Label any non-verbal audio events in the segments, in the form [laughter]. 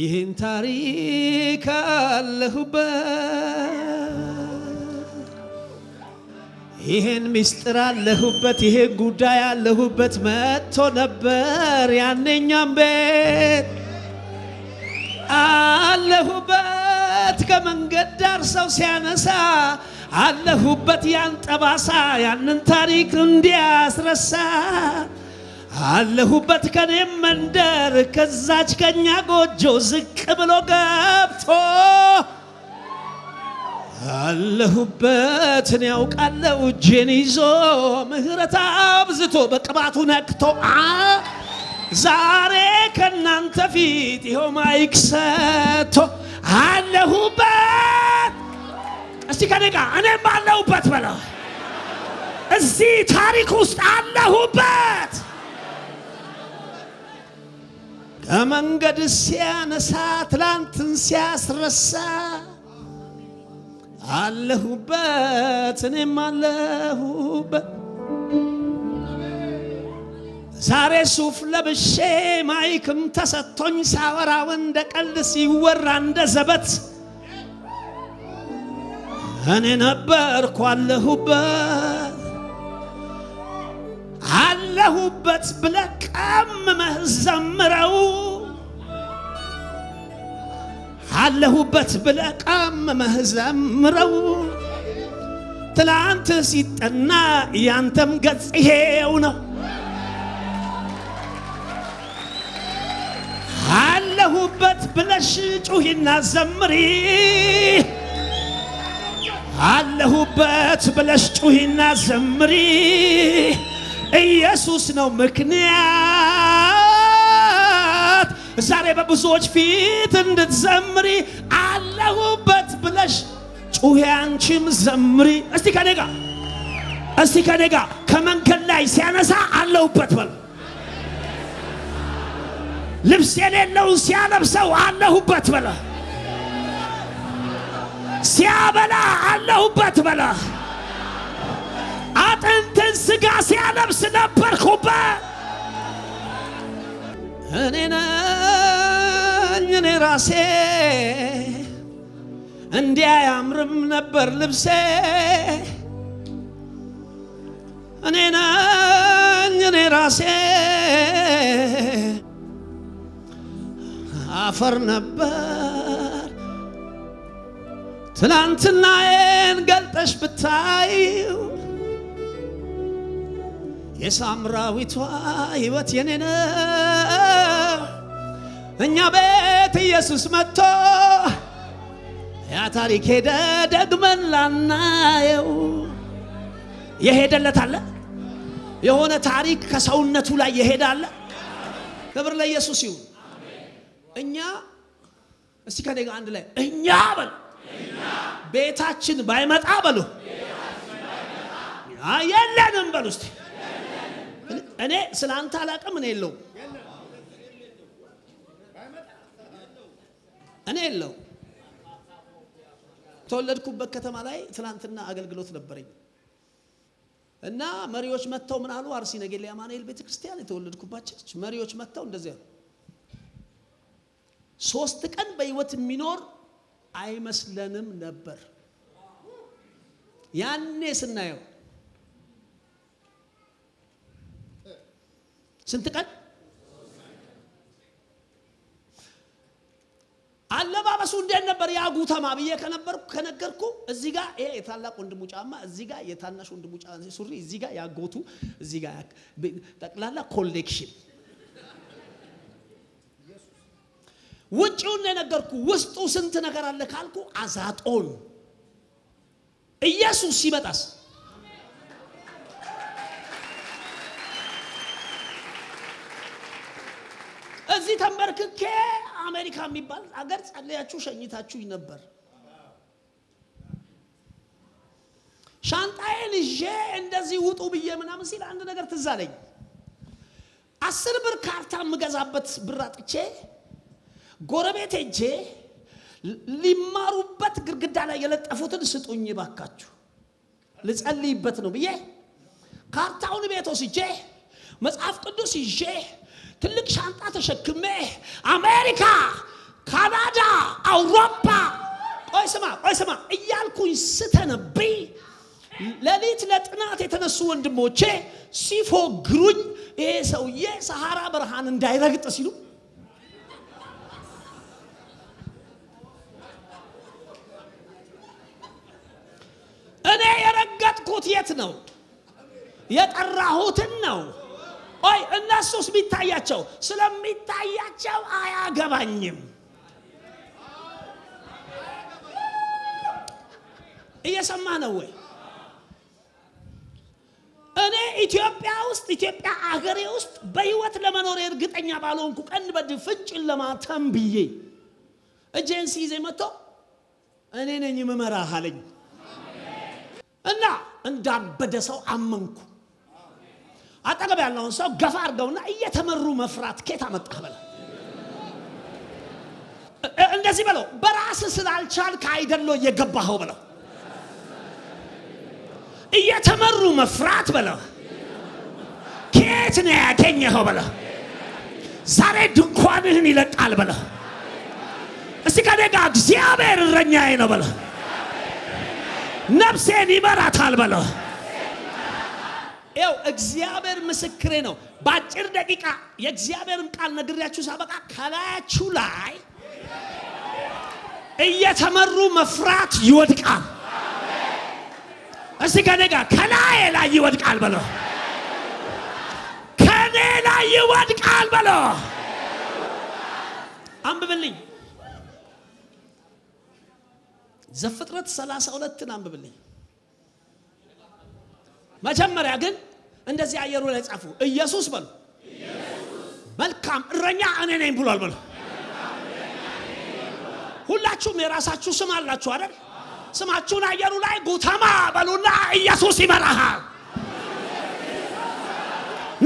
ይህን ታሪክ አለሁበት፣ ይህን ምስጢር አለሁበት፣ ይህን ጉዳይ አለሁበት። መጥቶ ነበር ያነኛም ቤት አለሁበት፣ ከመንገድ ዳር ሰው ሲያነሳ አለሁበት፣ ያን ጠባሳ ያንን ታሪክ እንዲያስረሳ አለሁበት ከኔ መንደር ከዛች ከኛ ጎጆ ዝቅ ብሎ ገብቶ እኔ ያውቃለው እጄን ይዞ ምህረት አብዝቶ በቅባቱ ነክቶ ዛሬ ከእናንተ ፊት ይኸው ማይክ ሰጥቶ አለሁበት። እስቲ ከኔ ጋር እኔም አለሁበት በለው። እዚህ ታሪክ ውስጥ አለሁበት በመንገድ ሲያነሳ ትላንትን ሲያስረሳ አለሁበት እኔም አለሁበት ዛሬ ሱፍ ለብሼ ማይክም ተሰጥቶኝ ሳወራው እንደ ቀልድ ሲወራ እንደ ዘበት እኔ ነበርኩ አለሁበት አለሁበት ብለህ ቀምመህ ዘምረው አለሁበት ብለ ቀምመህ ዘምረው ትላንት ሲጠና ያንተም ገጽ ይሄው ነው። አለሁበት ብለሽ ጩሂና ዘምሪ። አለሁበት ብለሽ ጩሂና ዘምሪ። ኢየሱስ ነው ምክንያት ዛሬ በብዙዎች ፊት እንድትዘምሪ አለሁበት ብለሽ ጩያንችም አንቺም ዘምሪ። እስቲ ከኔ ጋር እስቲ ከኔ ጋር ከመንገድ ላይ ሲያነሳ አለሁበት በል። ልብስ የሌለውን ሲያለብሰው አለሁበት በለ። ሲያበላ አለሁበት በለ። አጥንትን ስጋ ሲያለብስ ነበርኩበት እኔ ነኝ እኔ ራሴ እንዲህ አያምርም ነበር ልብሴ እኔ ነኝ እኔ ራሴ አፈር ነበር ትናንትናዬን ገልጠሽ ብታይው የሳምራዊቷ ሕይወት የኔ ነው። እኛ ቤት ኢየሱስ መጥቶ ያ ታሪክ ሄደ ደግመን ላናየው የሄደለት አለ። የሆነ ታሪክ ከሰውነቱ ላይ የሄዳለ ክብር ለኢየሱስ ይሁን። እኛ እስቲ ከኔ ጋር አንድ ላይ እኛ በል ቤታችን ባይመጣ በሉ የለንም በሉ። እስቲ እኔ ስለ አንተ አላቅም እኔ የለውም እኔ የለው ተወለድኩበት ከተማ ላይ ትናንትና አገልግሎት ነበረኝ እና መሪዎች መጥተው ምን አሉ? አርሲ ነገሌ አማኑኤል ቤተ ክርስቲያን የተወለድኩባት ቸርች መሪዎች መጥተው እንደዚያ አሉ። ሶስት ቀን በህይወት የሚኖር አይመስለንም ነበር ያኔ ስናየው ስንት ቀን አለባበሱ እንዴት ነበር? ያ ጉተማ ብዬ ከነበርኩ ከነገርኩ እዚህ ጋር ይሄ የታላቅ ወንድሙ ጫማ፣ እዚህ ጋር የታናሽ ወንድሙ ጫማ ሱሪ፣ እዚህ ጋር ያጎቱ፣ እዚህ ጋር ጠቅላላ ኮሌክሽን። ውጭውን የነገርኩ ውስጡ ስንት ነገር አለ ካልኩ አዛጦን ኢየሱስ ሲመጣስ እዚህ ተንበርክኬ አሜሪካ የሚባል አገር ጸለያችሁ ሸኝታችሁኝ ነበር። ሻንጣዬን ይዤ እንደዚህ ውጡ ብዬ ምናምን ሲል አንድ ነገር ትዝ አለኝ። አስር ብር ካርታ የምገዛበት ብር አጥቼ ጎረቤት ሄጄ ሊማሩበት ግድግዳ ላይ የለጠፉትን ስጡኝ ባካችሁ ልጸልይበት ነው ብዬ ካርታውን ቤት ወስጄ መጽሐፍ ቅዱስ ይዤ ትልቅ ሻንጣ ተሸክሜ አሜሪካ፣ ካናዳ፣ አውሮፓ ቆይ ስማ ቆይ ስማ እያልኩኝ ስተነብይ ሌሊት ለጥናት የተነሱ ወንድሞቼ ሲፎግሩኝ ይሄ ሰውዬ ሰሐራ ብርሃን እንዳይረግጥ ሲሉ እኔ የረገጥኩት የት ነው? የጠራሁትን ነው። ኦይ እነሱስ ቢታያቸው ስለሚታያቸው አያገባኝም። እየሰማ ነው ወይ? እኔ ኢትዮጵያ ውስጥ ኢትዮጵያ አገሬ ውስጥ በህይወት ለመኖር እርግጠኛ ባልሆንኩ ቀን በድፍጭን ለማተም ብዬ ኤጀንሲ ይዜ መጥቶ እኔ ነኝ ምመራህ አለኝ እና እንዳበደ ሰው አመንኩ። አጠገብ ያለውን ሰው ገፋ አድርገውና እየተመሩ መፍራት ኬት አመጣህ በለው። እንደዚህ በለው፣ በራስ ስላልቻልክ አይደለ እየገባኸው በለው። እየተመሩ መፍራት በለው፣ ኬት ነው ያገኘኸው በለው። ዛሬ ድንኳንህን ይለቃል በለው። እስቲ ከኔ ጋር እግዚአብሔር እረኛዬ ነው በለው። ነፍሴን ይመራታል በለው። ያው እግዚአብሔር ምስክሬ ነው። በአጭር ደቂቃ የእግዚአብሔርን ቃል ነግሬያችሁ ሳበቃ ከላያችሁ ላይ እየተመሩ መፍራት ይወድቃል። እስቲ ከኔ ጋር ከላዬ ላይ ይወድቃል በለው። ከኔ ላይ ይወድቃል በለው። አንብብልኝ ዘፍጥረት 32ን አንብብልኝ። መጀመሪያ ግን እንደዚህ አየሩ ላይ ጻፉ። ኢየሱስ በሉ መልካም እረኛ እኔ ነኝ ብሏል በሉ። ሁላችሁም የራሳችሁ ስም አላችሁ አይደል? ስማችሁን አየሩ ላይ ጉተማ በሉና ኢየሱስ ይመራሃል።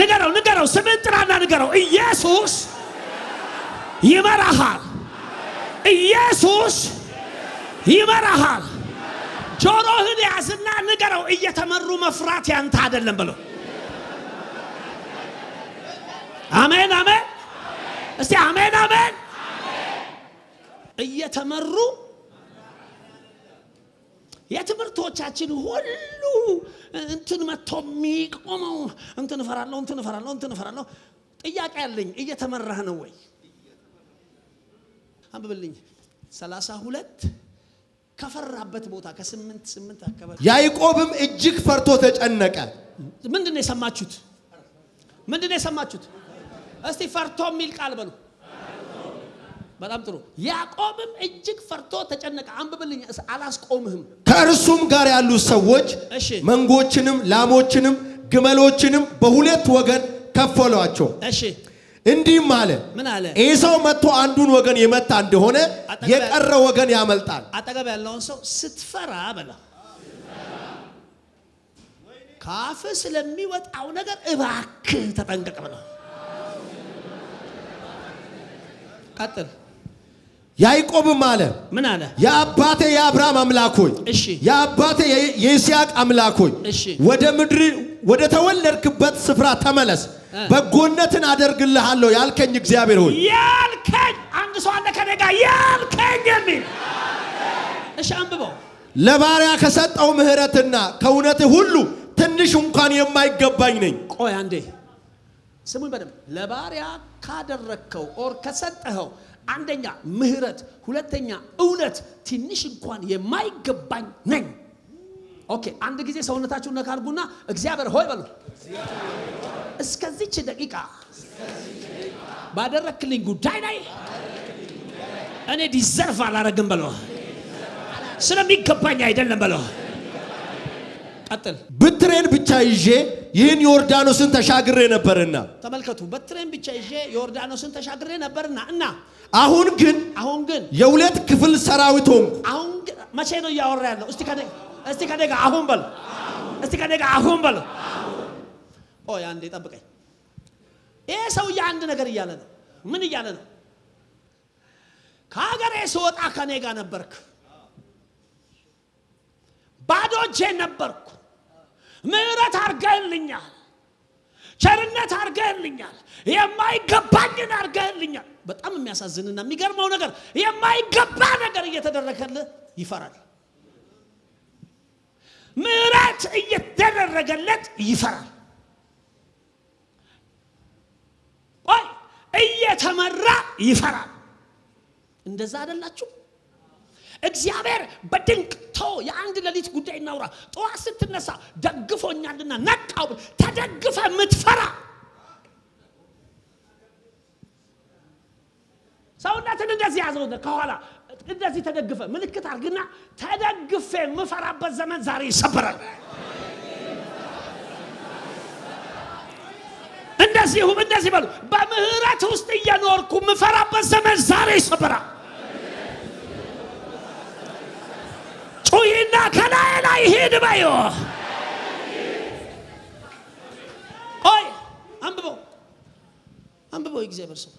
ንገረው ንገረው፣ ስምን ጥራና ንገረው። ኢየሱስ ይመራሃል። ኢየሱስ ይመራሃል። ጆሮህን ያዝና ንገረው። እየተመሩ መፍራት ያንተ አይደለም ብለው እስቲ አሜን አሜን። እየተመሩ የትምህርቶቻችን ሁሉ እንትን መጥቶ የሚቆመው እንትን እፈራለሁ፣ እንትን እፈራለሁ፣ እንትን እፈራለሁ። ጥያቄ አለኝ። እየተመራህ ነው ወይ? አንብብልኝ። ሰላሳ ሁለት ከፈራበት ቦታ ከስምንት ስምንት አካባቢ ያዕቆብም እጅግ ፈርቶ ተጨነቀ። ምንድን ነው የሰማችሁት? ምንድን ነው የሰማችሁት? እስቲ ፈርቶ የሚል ቃል በሉ። በጣም ጥሩ። ያዕቆብም እጅግ ፈርቶ ተጨነቀ። አንብብልኝ፣ አላስቆምህም። ከእርሱም ጋር ያሉ ሰዎች መንጎችንም፣ ላሞችንም፣ ግመሎችንም በሁለት ወገን ከፈሏቸው። እንዲህም አለ። ምን አለ? ኤሳው መጥቶ አንዱን ወገን የመታ እንደሆነ የቀረ ወገን ያመልጣል። አጠገብ ያለውን ሰው ስትፈራ በላ። ካፍ ስለሚወጣው ነገር እባክህ ተጠንቀቅ ብለው ቀጥል። ያዕቆብም አለ ምን አለ? የአባቴ የአብርሃም አምላክ ሆይ፣ እሺ የአባቴ የይስሐቅ አምላክ ሆይ፣ ወደ ምድር ወደ ተወለድክበት ስፍራ ተመለስ፣ በጎነትን አደርግልሃለሁ ያልከኝ እግዚአብሔር ሆይ ያልከኝ አንድ ሰው አለ ከኔ ጋር ያልከኝ የሚል እሺ፣ አንብበው ለባሪያ ከሰጠው ምሕረትና ከእውነትህ ሁሉ ትንሽ እንኳን የማይገባኝ ነኝ። ቆይ አንዴ ስሙኝ በደንብ ለባሪያ ካደረግከው ኦር ከሰጠኸው አንደኛ ምህረት ሁለተኛ እውነት፣ ትንሽ እንኳን የማይገባኝ ነኝ። ኦኬ አንድ ጊዜ ሰውነታችሁን ነካ አድርጉና እግዚአብሔር ሆይ በሉ። እስከዚች ደቂቃ ባደረክልኝ ጉዳይ ላይ እኔ ዲዘርቭ አላረግም በለ፣ ስለሚገባኝ አይደለም በለ በትሬን ብቻ ይዤ ይህን ዮርዳኖስን ተሻግሬ ነበርና፣ ተመልከቱ። በትሬን ብቻ ይዤ ዮርዳኖስን ተሻግሬ ነበርና እና አሁን ግን አሁን ግን የሁለት ክፍል ሰራዊት ሆንኩ። አሁን ግን መቼ ነው እያወራ ያለው? እስቲ ከደጋ እስቲ ከደጋ አሁን በል እስቲ ከደጋ አሁን በል። ኦ ያንዴ ጠብቀኝ። ይሄ ሰውዬ አንድ ነገር እያለ ነው። ምን እያለ ነው? ከሀገሬ ስወጣ ከኔ ጋር ነበርክ፣ ባዶ እጄ ነበርኩ ምዕረት አርገህልኛል፣ ቸርነት አርገህልኛል፣ የማይገባኝን አርገህልኛል። በጣም የሚያሳዝንና የሚገርመው ነገር የማይገባ ነገር እየተደረገልህ ይፈራል። ምዕረት እየተደረገለት ይፈራል። ቆይ እየተመራ ይፈራል። እንደዛ አይደላችሁ? እግዚአብሔር በድንቅ ቶ የአንድ ሌሊት ጉዳይ እናውራ። ጠዋት ስትነሳ ደግፎኛልና ነቃው ተደግፈ የምትፈራ ሰውነትን እንደዚህ ያዘው ከኋላ እንደዚህ ተደግፈ ምልክት አድርግና ተደግፌ የምፈራበት ዘመን ዛሬ ይሰበራል። እንደዚሁም እንደዚህ በሉ በምህረት ውስጥ እየኖርኩ የምፈራበት ዘመን ዛሬ ይሰበራል። ጩሂና ከላይ ላይ በዩ አንብበው አንብበው። ሰው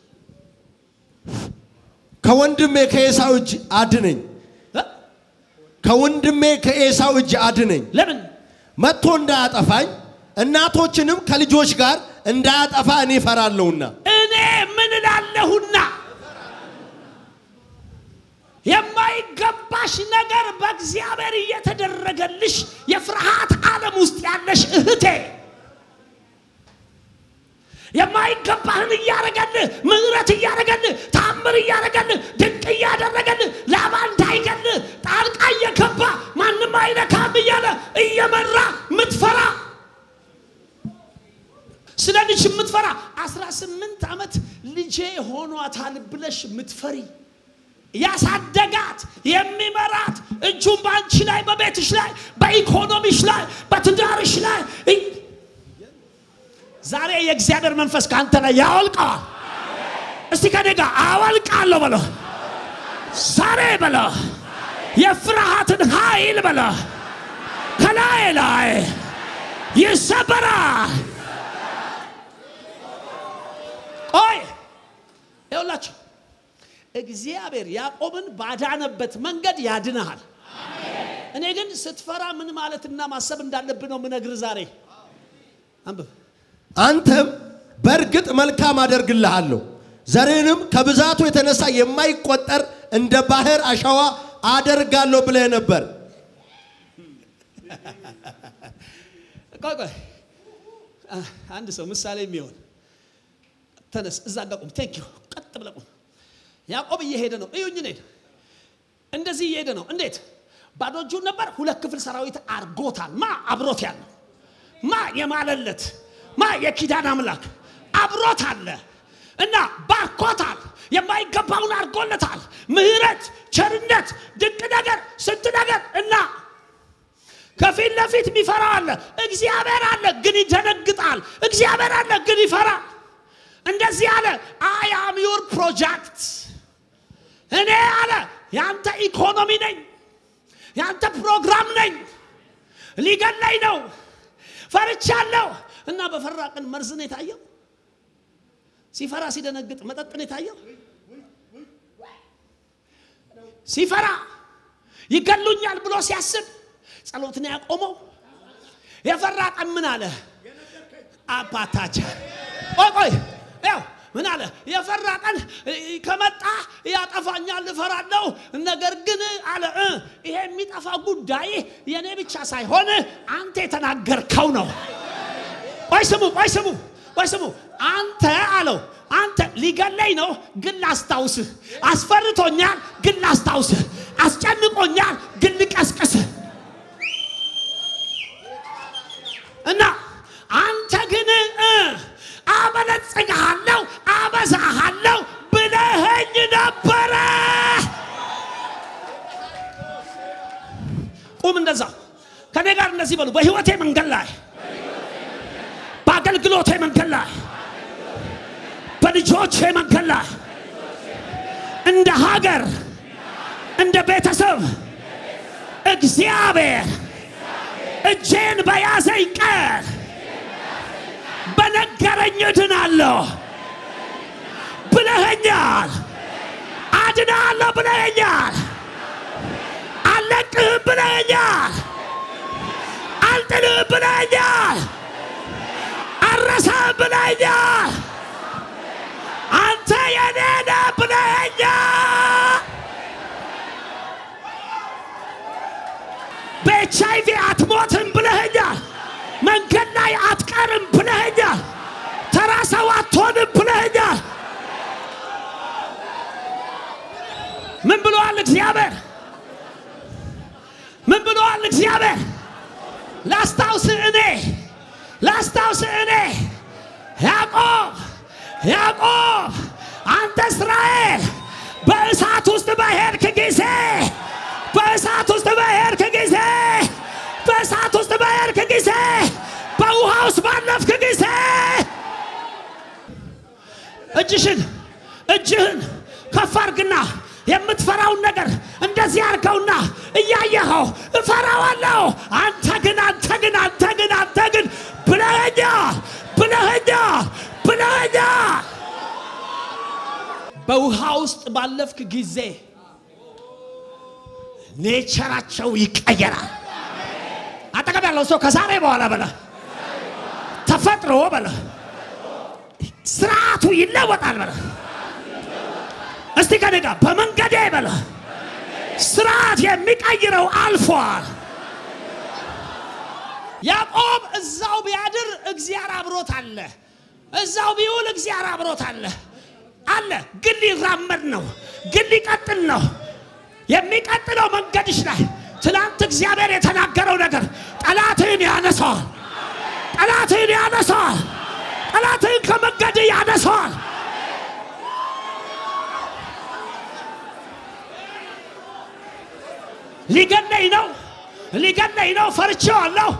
ከወንድሜ ከኤሳው እጅ አድነኝ፣ ከወንድሜ ከኤሳው እጅ አድነኝ። ለምን መጥቶ እንዳያጠፋኝ እናቶችንም ከልጆች ጋር እንዳያጠፋ እኔ እፈራለሁና እኔ ምን እላለሁና የማይገባሽ ነገር በእግዚአብሔር እየተደረገልሽ የፍርሃት ዓለም ውስጥ ያለሽ እህቴ የማይገባህን እያረገልህ ምሕረት እያረገልህ ታምር እያረገልህ ድንቅ እያደረገልህ ላባ እንዳይገልህ ጣልቃ እየገባ ማንም አይነካም እያለ እየመራ ምትፈራ ስለ ልጅ ምትፈራ አስራ ስምንት ዓመት ልጄ ሆኗታል ብለሽ ምትፈሪ ያሳደጋት የሚመራት እጁን በአንቺ ላይ በቤትሽ ላይ በኢኮኖሚሽ ላይ በትዳርሽ ላይ ዛሬ የእግዚአብሔር መንፈስ ከአንተ ላይ ያወልቀዋል። እስቲ ከኔ ጋር አወልቃለሁ በለ ዛሬ በለ የፍርሃትን ኃይል በለ ከላይ ላይ ይሰበራል። እግዚአብሔር ያዕቆብን ባዳነበት መንገድ ያድንሃል። እኔ ግን ስትፈራ ምን ማለትና ማሰብ እንዳለብህ ነው ምነግር ዛሬ አንብብ። አንተም በእርግጥ መልካም አደርግልሃለሁ፣ ዘርህንም ከብዛቱ የተነሳ የማይቆጠር እንደ ባህር አሸዋ አደርጋለሁ ብለህ ነበር። ቆይ ቆይ፣ አንድ ሰው ምሳሌ የሚሆን ተነስ፣ እዛ ጋር ቁም፣ ቀጥ ብለህ ቁም ያዕቆብ እየሄደ ነው። እዩኝ እኔን። እንደዚህ እየሄደ ነው። እንዴት ባዶ እጁን ነበር። ሁለት ክፍል ሰራዊት አርጎታል። ማ አብሮት ያለው ማ የማለለት ማ የኪዳን አምላክ አብሮት አለ እና ባርኮታል። የማይገባውን አርጎለታል። ምህረት ቸርነት፣ ድንቅ ነገር፣ ስንት ነገር እና ከፊት ለፊት የሚፈራው አለ። እግዚአብሔር አለ ግን ይደነግጣል። እግዚአብሔር አለ ግን ይፈራል። እንደዚህ አለ አይ አም ፕሮጀክት እኔ አለ የአንተ ኢኮኖሚ ነኝ፣ የአንተ ፕሮግራም ነኝ። ሊገለኝ ነው፣ ፈርቻለሁ። እና በፈራ ቀን መርዝ ነው የታየው። ሲፈራ ሲደነግጥ መጠጥ ነው የታየው። ሲፈራ ይገሉኛል ብሎ ሲያስብ ጸሎት ነው ያቆመው። የፈራ ቀን ምን አለ አባታቻ ቆይ ቆይ ምን አለ የፈራ ቀን ከመጣ ያጠፋኛል እፈራለሁ። ነገር ግን አለ ይሄ የሚጠፋ ጉዳይ የእኔ ብቻ ሳይሆን አንተ የተናገርከው ነው። ቆይ ስሙ፣ ቆይ ስሙ፣ ቆይ ስሙ። አንተ አለው አንተ ሊገለኝ ነው፣ ግን ላስታውስህ። አስፈርቶኛል፣ ግን ላስታውስህ። አስጨንቆኛል፣ ግን ልቀስቅስህ እና አንተ ግን አበለጽግሃለሁ አበዛሃለሁ ብለኸኝ ነበረ። ቁም እንደዛ ከኔ ጋር እንደዚህ በሉ። በህይወቴ መንገድ ላይ፣ በአገልግሎቴ መንገድ ላይ፣ በልጆቼ መንገድ ላይ እንደ ሀገር እንደ ቤተሰብ እግዚአብሔር እጄን በያዘኝ ቀን በነገረኝ እድናለሁ። ብለኸኛል፣ አድናለሁ ብለኸኛል፣ አልለቅህም ብለኸኛል፣ አልጥልህም ብለኸኛል፣ አልረሳህም ብለኸኛል፣ አንተ የኔ ነህ ብለኸኛል። በኤች አይ ቪ አትሞትም ብለኸኛል። መንገድ ላይ አትቀርም ብለኸኛል። ተራ ሰው አትሆንም ብለኸኛል። ምን ብለዋል እግዚአብሔር? ምን ብለዋል እግዚአብሔር? ላስታውስ እኔ ላስታውስ እኔ ያዕቆብ ያዕቆብ አንተ እስራኤል በእሳት ውስጥ በሄድክ ጊዜ በእሳት ውስጥ በሄድክ ጊዜ በእሳት ውስጥ በሄድክ ጊዜ በውሃ ውስጥ ባለፍክ ጊዜ እጅሽን እጅህን ከፍ አድርግና የምትፈራውን ነገር እንደዚህ አርከውና እያየኸው እፈራዋለሁ። አንተ ግን አንተ ግን አንተ ግን አንተ ግን ብለኸኛ ብለኸኛ ብለኸኛ። በውሃ ውስጥ ባለፍክ ጊዜ ኔቸራቸው ይቀየራል። አጠገብ ያለው ሰው ከዛሬ በኋላ በለ ተፈጥሮ በለ ስርዓቱ ይለወጣል በለ እስቲ ከኔጋ በመንገዴ በለ ስርዓት የሚቀይረው አልፏል። ያዕቆብ እዛው ቢያድር እግዚአብሔር አብሮት አለ። እዛው ቢውል እግዚአብሔር አብሮት አለ አለ። ግን ሊራመድ ነው፣ ግን ሊቀጥል ነው። የሚቀጥለው መንገድሽ ላይ ትናንት እግዚአብሔር የተናገረው ነገር ጠላትህን ያነሳዋል፣ ጠላትህን ያነሳዋል። ሊገለኝ ነው ሊገለኝ ነው ፈርቼዋለሁ።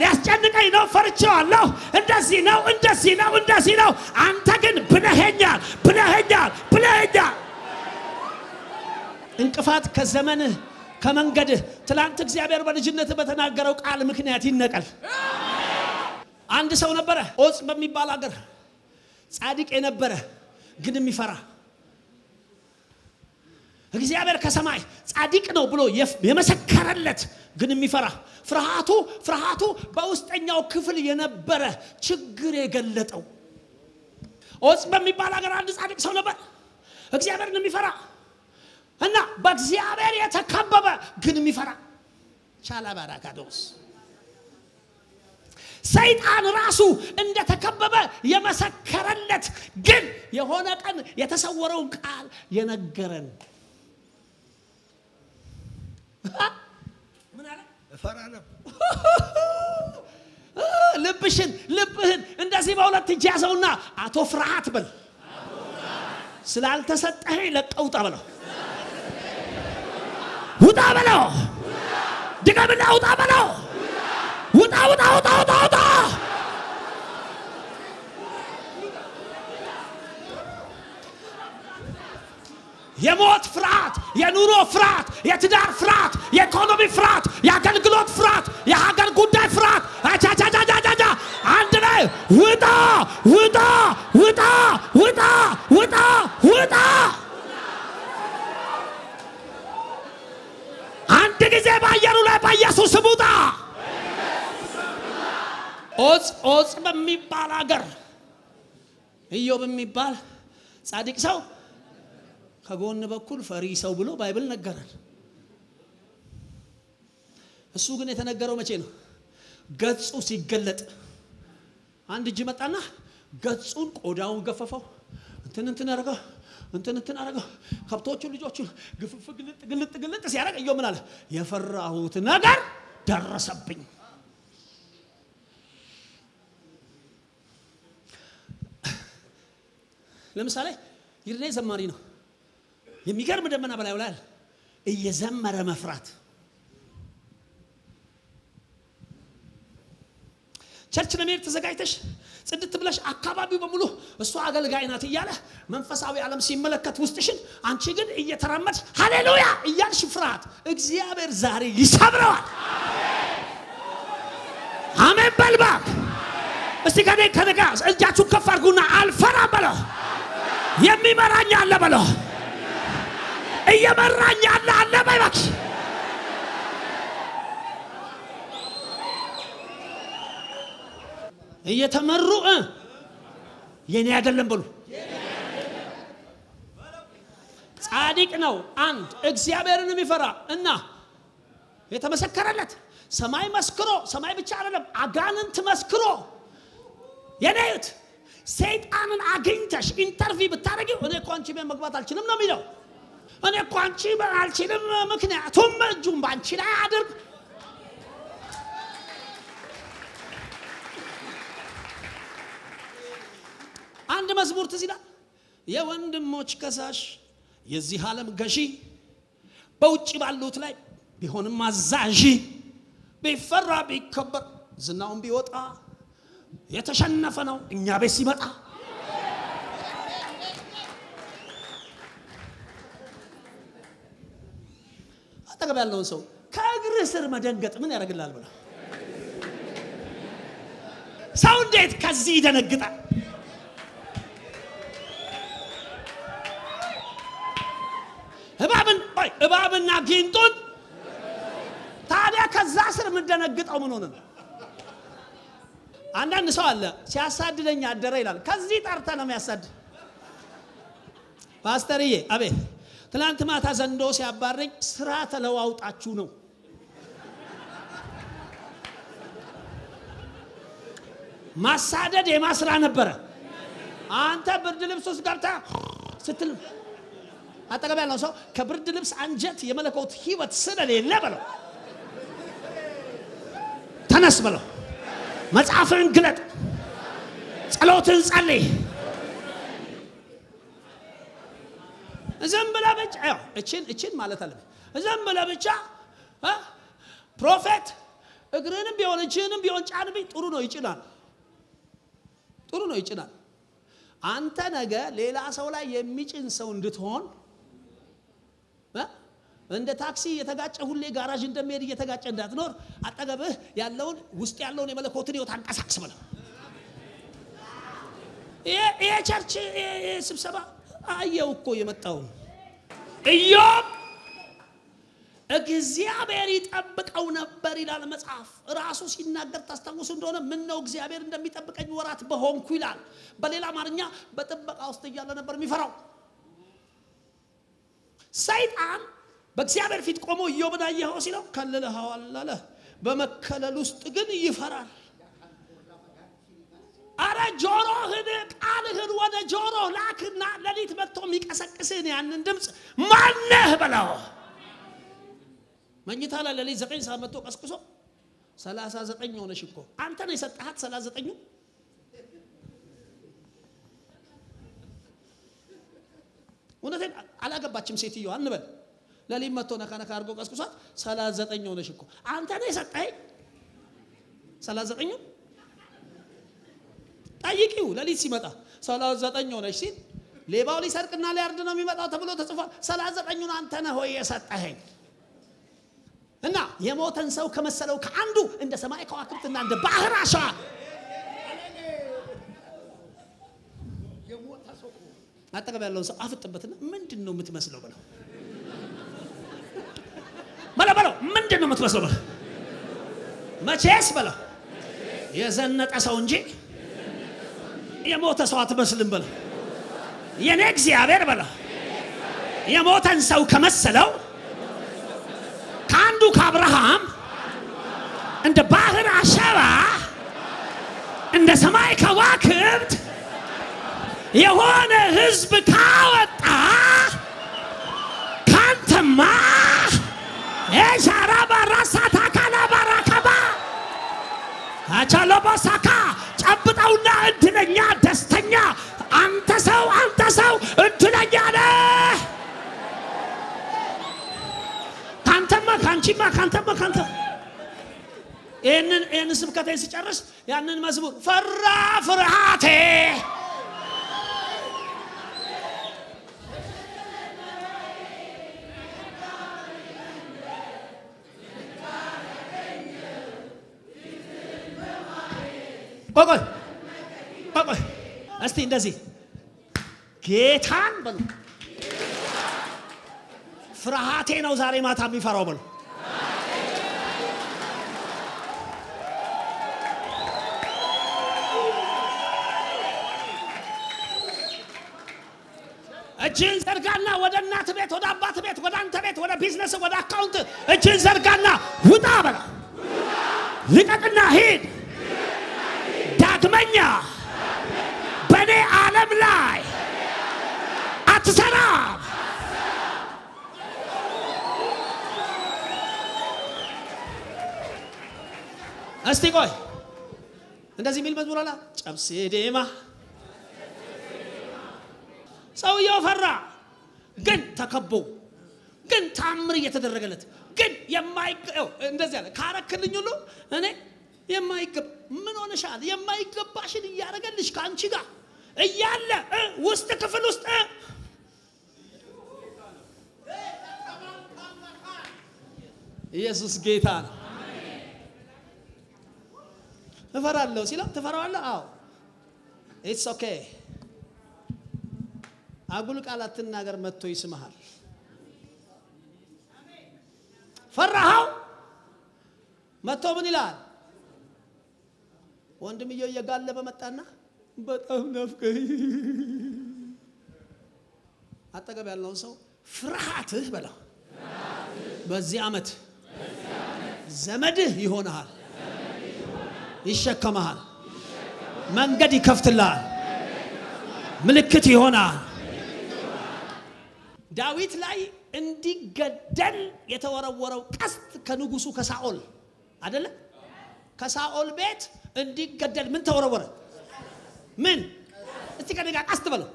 ሊያስጨንቀኝ ነው ፈርቼዋለሁ። እንደዚህ ነው እንደዚህ ነው እንደዚህ ነው። አንተ ግን ብለኸኛል ብለኸኛል ብለኸኛል። እንቅፋት ከዘመንህ ከመንገድህ ትላንት እግዚአብሔር በልጅነት በተናገረው ቃል ምክንያት ይነቀል። አንድ ሰው ነበረ ኦጽ በሚባል አገር ጻድቅ የነበረ ግን የሚፈራ እግዚአብሔር ከሰማይ ጻድቅ ነው ብሎ የመሰከረለት ግን የሚፈራ ፍርሃቱ ፍርሃቱ በውስጠኛው ክፍል የነበረ ችግር የገለጠው ኦጽ በሚባል ሀገር አንድ ጻድቅ ሰው ነበር። እግዚአብሔርን የሚፈራ እና በእግዚአብሔር የተከበበ ግን የሚፈራ ቻላ ሰይጣን ራሱ እንደተከበበ የመሰከረለት ግን የሆነ ቀን የተሰወረውን ቃል የነገረን ምን አለ? እፈራ ነበር። [laughs] ልብሽን ልብህን እንደዚህ በሁለት እጅ ያዘውና አቶ ፍርሃት በል ስላልተሰጠህ ለቀውጣ በለው ውጣ በለው ድገምና ውጣ በለው ውጣ ውጣ ውጣ ውጣ የሞት ፍርሃት፣ የኑሮ ፍርሃት፣ የትዳር ፍርሃት፣ የኢኮኖሚ ፍርሃት፣ የአገልግሎት ፍርሃት፣ የሀገር ጉዳይ ፍርሃት አንድ ላይ ውጣ ውጣ ውጣ ውጣ ውጣ ውጣ። አንድ ጊዜ በአየሩ ላይ በኢየሱስ ስም ውጣ። ኦጽ ኦጽ በሚባል አገር ኢዮብ የሚባል ጻድቅ ሰው ከጎን በኩል ፈሪ ሰው ብሎ ባይብል ነገረን። እሱ ግን የተነገረው መቼ ነው? ገጹ ሲገለጥ አንድ እጅ መጣና ገጹን ቆዳውን ገፈፈው። እንትን እንትን አረገው፣ እንትን እንትን አረገው። ከብቶቹን ልጆቹን ግፍፍ ግልጥ ግልጥ ግልጥ ሲያደርግ እዮ ምን አለ? የፈራሁት ነገር ደረሰብኝ። ለምሳሌ ይድኔ ዘማሪ ነው። የሚገርም ደመና በላይ ውላል። እየዘመረ መፍራት ቸርች ለመሄድ ተዘጋጅተሽ ጽድት ብለሽ አካባቢው በሙሉ እሷ አገልጋይ ናት እያለ መንፈሳዊ ዓለም ሲመለከት ውስጥሽን፣ አንቺ ግን እየተራመድሽ ሃሌሉያ እያልሽ ፍርሃት እግዚአብሔር ዛሬ ይሰብረዋል። አሜን በልባ እስቲ ከኔ ከነጋ እጃችሁን ከፍ አድርጉና አልፈራም በለው የሚመራኝ አለ በለው እየመራኝ ያለ አለ ባይባክሽ እየተመሩ የኔ አይደለም በሉ። ጻድቅ ነው አንድ እግዚአብሔርን የሚፈራ እና የተመሰከረለት ሰማይ መስክሮ፣ ሰማይ ብቻ አይደለም አጋንንት መስክሮ የኔዩት ሰይጣንን አግኝተሽ ኢንተርቪው ብታደረጊው እኔ እኮ አንቺ ቤት መግባት አልችልም ነው የሚለው እኔ እኮ አንቺ አልችልም፣ ምክንያቱም እጁን በአንቺ ላይ አድርግ አንድ መዝሙር ትዝ ይላል። የወንድሞች ከሳሽ የዚህ ዓለም ገዢ በውጭ ባሉት ላይ ቢሆንም አዛዥ ቢፈራ ቢከበር ዝናውን ቢወጣ የተሸነፈ ነው እኛ ቤት ሲመጣ አጠገብ ያለውን ሰው ከእግርህ ስር መደንገጥ ምን ያደርግላል ብላ ሰው እንዴት ከዚህ ይደነግጣል? እባብን እባብና ጊንጡን ታዲያ ከዛ ስር የምደነግጠው ምን ሆነ አንዳንድ ሰው አለ ሲያሳድደኝ አደረ ይላል። ከዚህ ጠርተ ነው የሚያሳድ ፓስተርዬ፣ አቤት ትላንት ማታ ዘንዶ ሲያባረኝ ስራ ተለዋውጣችሁ ነው። ማሳደድ የማ ስራ ነበረ። አንተ ብርድ ልብስ ውስጥ ገብታ ስትል አጠገብ ያለው ሰው ከብርድ ልብስ አንጀት የመለኮት ህይወት ስለሌለ በለው ተነስ በለው፣ መጽሐፍን ግለጥ፣ ጸሎትን ጸልይ ዝም ብለህ ብቻ እችን እችን ማለት አለ። ዝም ብለህ ብቻ ፕሮፌት እግርንም ቢሆን እችንም ቢሆን ጫንብኝ። ጥሩ ነው ይጭናል፣ ጥሩ ነው ይጭናል። አንተ ነገ ሌላ ሰው ላይ የሚጭን ሰው እንድትሆን እንደ ታክሲ የተጋጨ ሁሌ ጋራዥ እንደሚሄድ እየተጋጨ እንዳትኖር አጠገብህ ያለውን ውስጥ ያለውን የመለኮትን ህይወት አንቀሳቅስ ብለው ይሄ ቸርች ስብሰባ አየው እኮ የመጣው ኢዮብ እግዚአብሔር ይጠብቀው ነበር ይላል መጽሐፍ። ራሱ ሲናገር ታስታውሱ እንደሆነ ምን ነው እግዚአብሔር እንደሚጠብቀኝ ወራት በሆንኩ ይላል። በሌላ አማርኛ በጥበቃ ውስጥ እያለ ነበር የሚፈራው። ሰይጣን በእግዚአብሔር ፊት ቆሞ ኢዮብን አየኸው ሲለው ከልለኸዋል አለ። በመከለል ውስጥ ግን ይፈራል። አረ ጆሮህን ቃልህን ወደ ጆሮ ላክና ሌሊት መጥቶ የሚቀሰቅስህን ያንን ድምፅ ማነህ በላው መኝታ ላይ ሌሊት ዘጠኝ ሰዓት መጥቶ ቀስቅሶ ሰላሳ ዘጠኝ ሆነሽ እኮ አንተ ነው የሰጠሃት ሰላሳ ዘጠኙ እውነቴን አላገባችም ሴትዮዋ አንበል ለሊት መጥቶ ነካ ነካ አድርጎ ቀስቅሷት ሰላሳ ዘጠኝ ሆነሽ እኮ አንተ ነው የሰጠኸኝ ሰላሳ ዘጠኙ ጠይቂው። ለሊት ሲመጣ ሰላሳ ዘጠኝ ሆነች ሲል ሌባው ሊሰርቅና ሊያርድ ነው የሚመጣው ተብሎ ተጽፏል። ሰላሳ ዘጠኙን አንተ ነህ ወይ የሰጠኸኝ እና የሞተን ሰው ከመሰለው ከአንዱ እንደ ሰማይ ከዋክብትና እንደ ባህር አሸዋ አጠገብ ያለውን ሰው አፍጥበትና ምንድን ነው የምትመስለው ብለው በለው በለው ምንድን ነው የምትመስለው መቼስ በለው የዘነጠ ሰው እንጂ የሞተ ሰው አትመስልም በለው። የኔ እግዚአብሔር በለው የሞተን ሰው ከመሰለው ከአንዱ ከአብርሃም እንደ ባህር አሸባ እንደ ሰማይ ከዋክብት የሆነ ሕዝብ ካወጣ ካንተማ ሻራ ባራሳታ ካላ ባራከባ አቻሎ ባሳካ ጨብጠውና እድለኛ ደስተኛ አንተ ሰው አንተ ሰው እድለኛ ነህ። ካንተማ ካንቺማ ካንተማ ካንተ ይህንን ይህን ስብከቴን ሲጨርስ ያንን መዝሙር ፈራ ፍርሃቴ ቆይ ቆይ እስቲ እንደዚህ ጌታን በሉ። ፍርሃቴ ነው ዛሬ ማታ የሚፈራው በሉ። እጅን ዘርጋና ወደ እናት ቤት፣ ወደ አባት ቤት፣ ወደ አንተ ቤት፣ ወደ ቢዝነስ፣ ወደ አካውንት እጅን ዘርጋና ውጣ በላ። ልቀቅና ሂድ ዳግመኛ እስቲ ቆይ እንደዚህ የሚል መዝሙር አላ ጨብስዴማ ሰውየው ፈራ፣ ግን ተከቦ ግን ታምር እየተደረገለት ግን የማይገባው እንደዚህ አለ። ካረክልኝ ሁሉ እኔ የማይገባ ምን ሆነሻል? የማይገባሽን እያደረገልሽ ከአንቺ ጋር እያለ ውስጥ ክፍል ውስጥ ኢየሱስ ጌታ ነው። እፈራለሁ ሲለው ትፈራዋለህ? አዎ። ኢትስ ኦኬ። አጉል ቃል አትናገር፣ መጥቶ ይስምሃል። ፈራሃው መጥቶ ምን ይላል? ወንድምየው እየጋለበ መጣና በጣም ናፍቀኝ። አጠገብ ያለውን ሰው ፍርሃትህ በለው በዚህ ዓመት ዘመድህ ይሆንሃል። ይሸከመሃል፣ መንገድ ይከፍትልሃል፣ ምልክት ይሆናል። ዳዊት ላይ እንዲገደል የተወረወረው ቀስት ከንጉሱ ከሳኦል አይደለም። ከሳኦል ቤት እንዲገደል ምን ተወረወረ? ምን እስቲ ቀደጋ ቀስት በለው።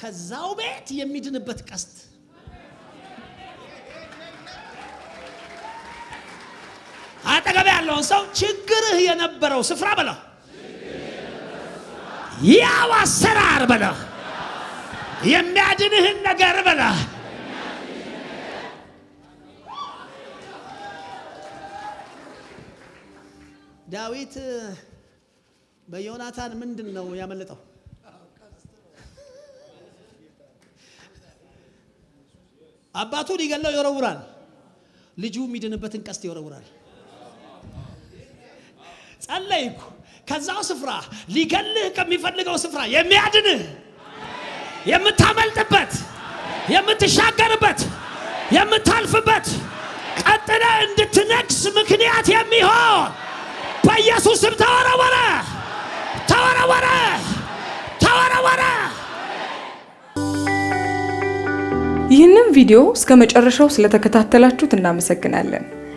ከዛው ቤት የሚድንበት ቀስት ያለውን ሰው ችግርህ የነበረው ስፍራ በለ ያው አሰራር በለ የሚያድንህን ነገር በለ ዳዊት በዮናታን ምንድን ነው ያመለጠው? አባቱ ሊገለው ይወረውራል፣ ልጁ የሚድንበትን ቀስት ይወረውራል። ጸለይኩ። ከዛው ስፍራ ሊገልህ ከሚፈልገው ስፍራ የሚያድንህ የምታመልጥበት፣ የምትሻገርበት፣ የምታልፍበት ቀጥለ እንድትነግስ ምክንያት የሚሆን በኢየሱስ ስም ተወረወረ፣ ተወረወረ፣ ተወረወረ። ይህንም ቪዲዮ እስከ መጨረሻው ስለተከታተላችሁት እናመሰግናለን።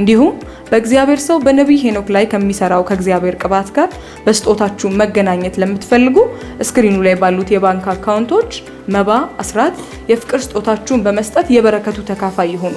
እንዲሁም በእግዚአብሔር ሰው በነቢይ ሄኖክ ላይ ከሚሰራው ከእግዚአብሔር ቅባት ጋር በስጦታችሁ መገናኘት ለምትፈልጉ እስክሪኑ ላይ ባሉት የባንክ አካውንቶች መባ፣ አስራት፣ የፍቅር ስጦታችሁን በመስጠት የበረከቱ ተካፋይ ይሆኑ።